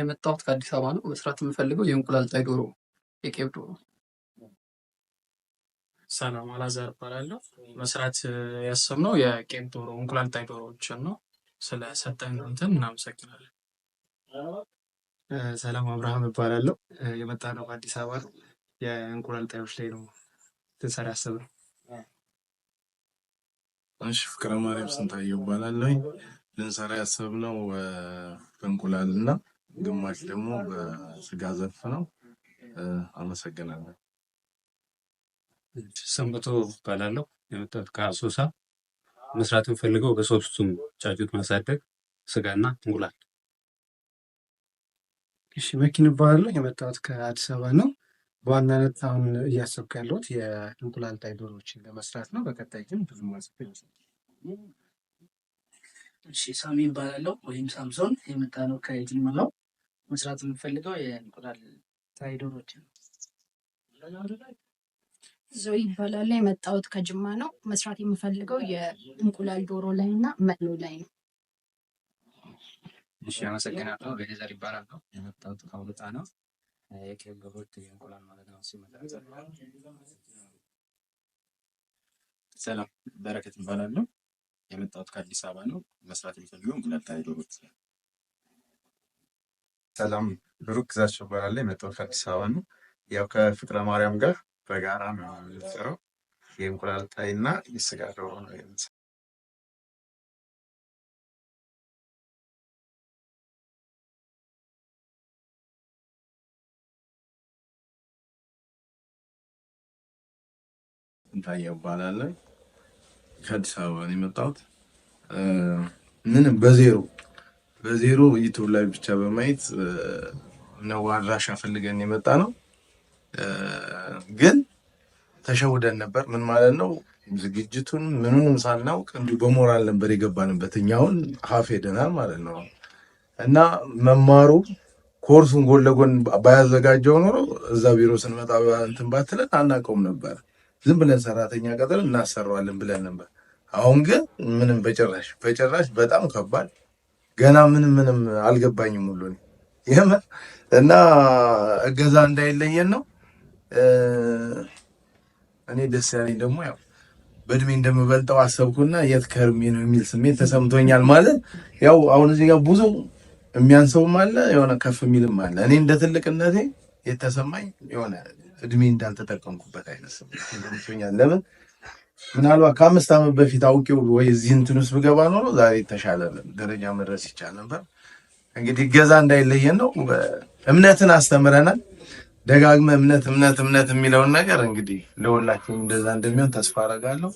የመጣሁት ከአዲስ አበባ ነው። መስራት የምፈልገው የእንቁላል ጣይ ዶሮ፣ የቄብ ዶሮ። ሰላም አላዛር እባላለሁ። መስራት ያሰብነው የቄብ ዶሮ፣ እንቁላል ጣይ ዶሮዎችን ነው። ስለሰጠን እንትን እናመሰግናለን። ሰላም አብርሃም እባላለሁ። የመጣነው ከአዲስ አበባ ነው። የእንቁላል ጣዮች ላይ ነው ልንሰራ ያሰብነው። እሺ ፍቅረ ማርያም ስንታየው እባላለሁ። ልንሰራ ያሰብነው በእንቁላል እና ግማሽ ደግሞ በስጋ ዘርፍ ነው። አመሰግናለሁ። ሰንበቶ እባላለሁ። የመጣሁት ከአሶሳ መስራት የምፈልገው በሶስቱም ጫጩት ማሳደግ፣ ስጋና እንቁላል። እሺ፣ መኪን እባላለሁ። የመጣሁት ከአዲስ አበባ ነው። በዋናነት አሁን እያሰብኩ ያለሁት የእንቁላል ጣይ ዶሮዎችን ለመስራት ነው። በቀጣይ ግን ብዙ ማሰብ ይመስላል። ሳሚ እባላለሁ ወይም ሳምሶን። የመጣ ነው ከጅልማ ነው። መስራት የምፈልገው የእንቁላል ታይዶሮች ነው። ዞይ ይባላል። የመጣሁት ከጅማ ነው። መስራት የምፈልገው የእንቁላል ዶሮ ላይ እና መኖ ላይ ነው። እሺ፣ አመሰግናለሁ። ቤዘር ይባላል ነው የመጣሁት ከአውልጣ ነው። የኬብ የእንቁላል ማለት ነው። ሰላም፣ በረከት ይባላለሁ። ነው የመጣሁት ከአዲስ አበባ ነው። መስራት የሚፈልገው እንቁላል ታይዶሮች ነው። ሰላም ብሩክ ግዛቸው እባላለሁ። የመጣሁት ከአዲስ አበባ ነው። ያው ከፍቅረ ማርያም ጋር በጋራ ነው የምንሰራው። የእንቁላል ጣይ እና የስጋ ዶሮ ነው የምንሰራው። እንታየው እባላለሁ። ከአዲስ አበባ ነው የመጣሁት። ምንም በዜሮ በዜሮ ዩቱብ ላይ ብቻ በማየት ነው አድራሻ ፈልገን የመጣ ነው። ግን ተሸውደን ነበር። ምን ማለት ነው? ዝግጅቱን ምኑንም ሳናውቅ እንዲሁ በሞራል ነበር የገባንበት። እኛውን ሀፍ ሄደናል ማለት ነው እና መማሩ ኮርሱን ጎን ለጎን ባያዘጋጀው ኖሮ እዛ ቢሮ ስንመጣ እንትን ባትለን አናውቀውም ነበር። ዝም ብለን ሰራተኛ ቀጥረን እናሰራዋለን ብለን ነበር። አሁን ግን ምንም በጭራሽ በጭራሽ በጣም ከባድ ገና ምንም ምንም አልገባኝም ሁሉ እና እገዛ እንዳይለየን ነው። እኔ ደስ ያለኝ ደግሞ ያው በእድሜ እንደምበልጠው አሰብኩና የት ከርሜ ነው የሚል ስሜት ተሰምቶኛል። ማለት ያው አሁን እዚህ ጋር ብዙ የሚያንሰውም አለ የሆነ ከፍ የሚልም አለ። እኔ እንደ ትልቅነቴ የተሰማኝ የሆነ እድሜ እንዳልተጠቀምኩበት አይነት ስሜት ተሰምቶኛል። ለምን ምናልባት ከአምስት ዓመት በፊት አውቄው ወይ እዚህ እንትን ውስጥ ብገባ ኖሮ ዛሬ የተሻለ ደረጃ መድረስ ይቻል ነበር። እንግዲህ ገዛ እንዳይለየን ነው። እምነትን አስተምረናል። ደጋግመ እምነት እምነት እምነት የሚለውን ነገር እንግዲህ ለሁላችሁም እንደዛ እንደሚሆን ተስፋ አደርጋለሁ።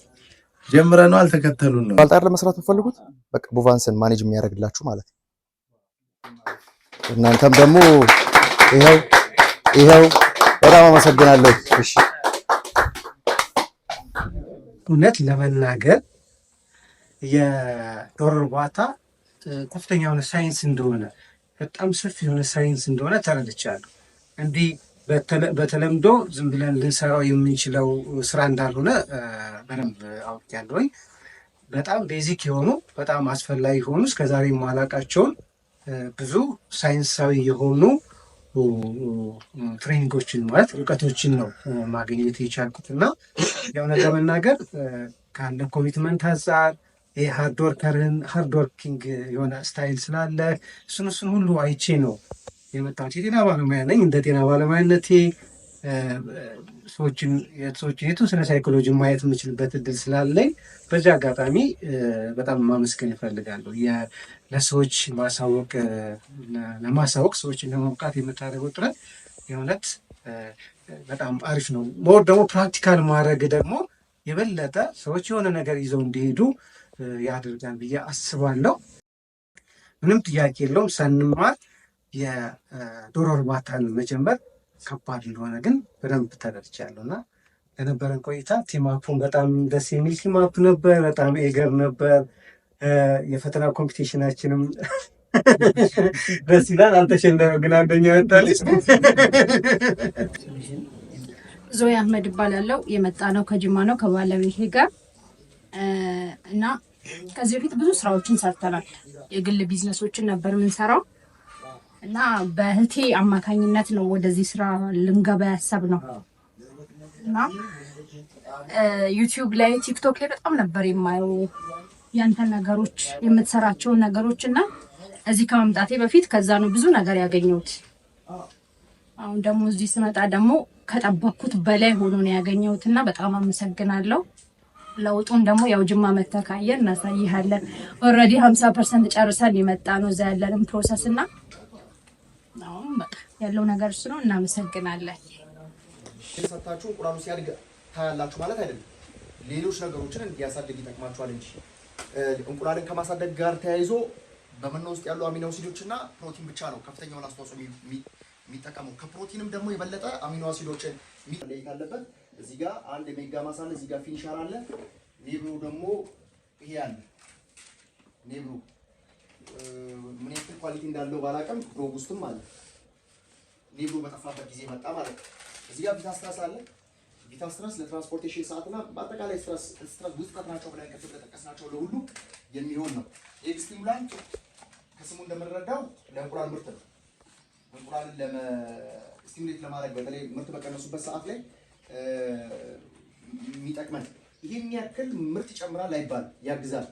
ጀምረነዋል፣ ተከተሉን ነው። ባልጣር ለመስራት የምፈልጉት በቃ ቡቫንስን ማኔጅ የሚያደርግላችሁ ማለት ነው። እናንተም ደግሞ ይኸው ይኸው በጣም አመሰግናለሁ። እሺ እውነት ለመናገር የዶሮ እርባታ ከፍተኛ የሆነ ሳይንስ እንደሆነ በጣም ሰፊ የሆነ ሳይንስ እንደሆነ ተረድቻለሁ። እንዲህ በተለምዶ ዝም ብለን ልንሰራው የምንችለው ስራ እንዳልሆነ በደንብ አውቄያለሁኝ። በጣም ቤዚክ የሆኑ በጣም አስፈላጊ የሆኑ እስከዛሬ ማላቃቸውን ብዙ ሳይንሳዊ የሆኑ ትሬኒንጎችን ማለት እውቀቶችን ነው ማግኘት የቻልኩትና የእውነት ለመናገር ካለ ኮሚትመንት አንጻር ይህ ሃርድ ወርከርን ሃርድ ወርኪንግ የሆነ ስታይል ስላለ እሱን እሱን ሁሉ አይቼ ነው የመጣሁት። የጤና ባለሙያ ነኝ። እንደ ጤና ባለሙያነቴ ሰዎችን የቱን ስነ ሳይኮሎጂ ማየት የምችልበት እድል ስላለኝ በዚህ አጋጣሚ በጣም ማመስገን ይፈልጋለሁ። ለሰዎች ማሳወቅ ለማሳወቅ ሰዎችን ለማብቃት የምታደርገው ጥረት የእውነት በጣም አሪፍ ነው። ሞር ደግሞ ፕራክቲካል ማድረግ ደግሞ የበለጠ ሰዎች የሆነ ነገር ይዘው እንዲሄዱ ያደርጋል ብዬ አስባለሁ። ምንም ጥያቄ የለውም ሰንማር የዶሮ እርባታን መጀመር ከባድ እንደሆነ ግን በደንብ ተደርቻለሁ እና ለነበረን ቆይታ ቲማፑን በጣም ደስ የሚል ቲማፕ ነበር። በጣም ኤገር ነበር። የፈተና ኮምፒቴሽናችንም ደስ ይላል። ግን አንደኛ ወጣለች። ዞይ አህመድ እባላለሁ። የመጣ ነው ከጅማ ነው ከባለቤቴ ጋር እና ከዚህ በፊት ብዙ ስራዎችን ሰርተናል። የግል ቢዝነሶችን ነበር የምንሰራው እና በእህቴ አማካኝነት ነው ወደዚህ ስራ ልንገባ ያሰብ ነው እና ዩቲዩብ ላይ ቲክቶክ ላይ በጣም ነበር የማየው ያንተ ነገሮች የምትሰራቸውን ነገሮች እና እዚህ ከመምጣቴ በፊት ከዛ ነው ብዙ ነገር ያገኘሁት። አሁን ደግሞ እዚህ ስመጣ ደግሞ ከጠበኩት በላይ ሆኖ ነው ያገኘሁት እና በጣም አመሰግናለሁ። ለውጡን ደግሞ ያው ጅማ መተህ ካየን እናሳይሃለን። ኦልሬዲ ሀምሳ ፐርሰንት ጨርሰን የመጣ ነው እዛ ያለንም ፕሮሰስ እና ያለው ነገር እሱ ነው። እናመሰግናለን። ሰታችሁ ቁራኑ ሲያድግ ታያላችሁ ማለት አይደለም። ሌሎች ነገሮችን እንዲያሳድግ ይጠቅማችኋል እንጂ እንቁላልን ከማሳደግ ጋር ተያይዞ በመኖ ውስጥ ያሉ አሚኖ አሲዶች እና ፕሮቲን ብቻ ነው ከፍተኛውን አስተዋጽኦ የሚጠቀመው። ከፕሮቲንም ደግሞ የበለጠ አሚኖ አሲዶችን ለየት አለበት። እዚህ ጋር አንድ ሜጋ ማሳለ፣ እዚህ ጋር ፊኒሸር አለ። ኔብሩ ደግሞ ይሄ አለ። ኔብሩ ምን ያክል ኳሊቲ እንዳለው ባላውቅም ሮቡስትም አለ። ኔብሩ በጠፋበት ጊዜ መጣ ማለት ነው። እዚህ ጋር ቪታ አለ። ቪታ ስትረስ ለትራንስፖርቴሽን ሰዓትና በአጠቃላይ ስትረስ ውስጥ ናቸው ብለን ቅድም ለጠቀስናቸው ለሁሉ የሚሆን ነው። ኤክስቲም ላይ ከስሙ እንደምንረዳው ለእንቁላል ምርት ነው። እንቁላልን ለስቲሙሌት ለማድረግ በተለይ ምርት በቀነሱበት ሰዓት ላይ የሚጠቅመን ይህን ያክል ምርት ጨምራል አይባል ያግዛል።